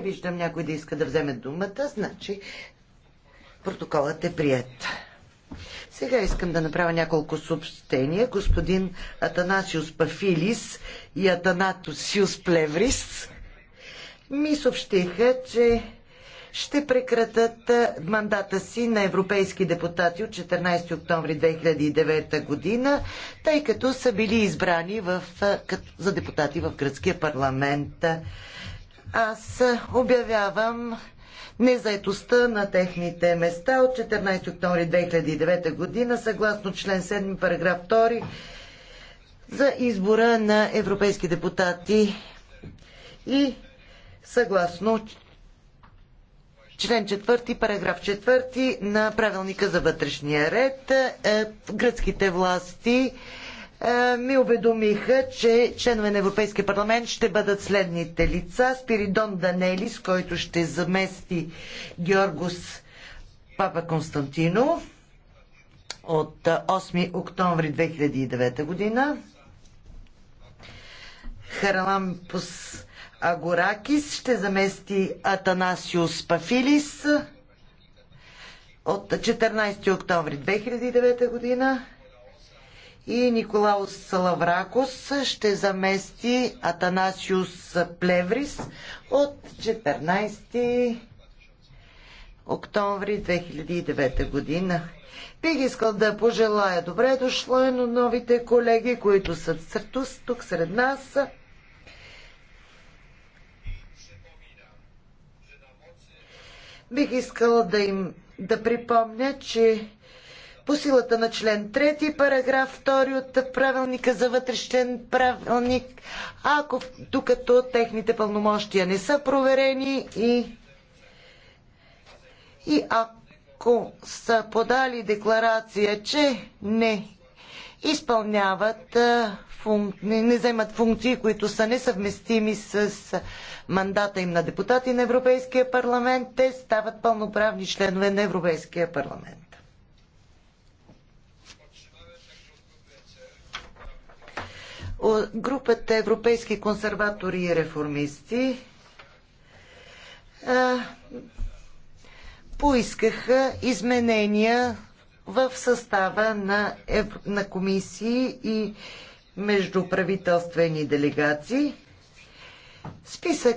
Не виждам някой да иска да вземе думата, значи протоколът е прият. Сега искам да направя няколко съобщения. Господин Атанасиус Пафилис и Атанатосиус Плеврис ми съобщиха, че ще прекратат мандата си на европейски депутати от 14 октомври 2009 година, тъй като са били избрани в, за депутати в гръцкия парламент. Аз обявявам незаетостта на техните места от 14 октомври 2009 година, съгласно член 7, параграф 2 за избора на европейски депутати и съгласно член 4, параграф 4 на правилника за вътрешния ред, е, гръцките власти е, ми уведомиха, че членове на Европейския парламент ще бъдат следните лица. Спиридон Данелис, който ще замести Георгос Папа Константинов от 8 е, октомври 2009 година. Харалампус Агоракис ще замести Атанасиус Пафилис от 14 октомври 2009 година и Николаус Салавракос ще замести Атанасиус Плеврис от 14 октомври 2009 година. Бих искал да пожелая добре дошло и на новите колеги, които са тук сред нас. Бих искала да им да припомня, че по силата на член 3, параграф 2 от правилника за вътрешен правилник, ако докато техните пълномощия не са проверени и, и ако са подали декларация, че не изпълняват не вземат функции, които са несъвместими с мандата им на депутати на Европейския парламент, те стават пълноправни членове на Европейския парламент. групата Европейски консерватори и реформисти поискаха изменения в състава на, на комисии и междуправителствени делегации. Списък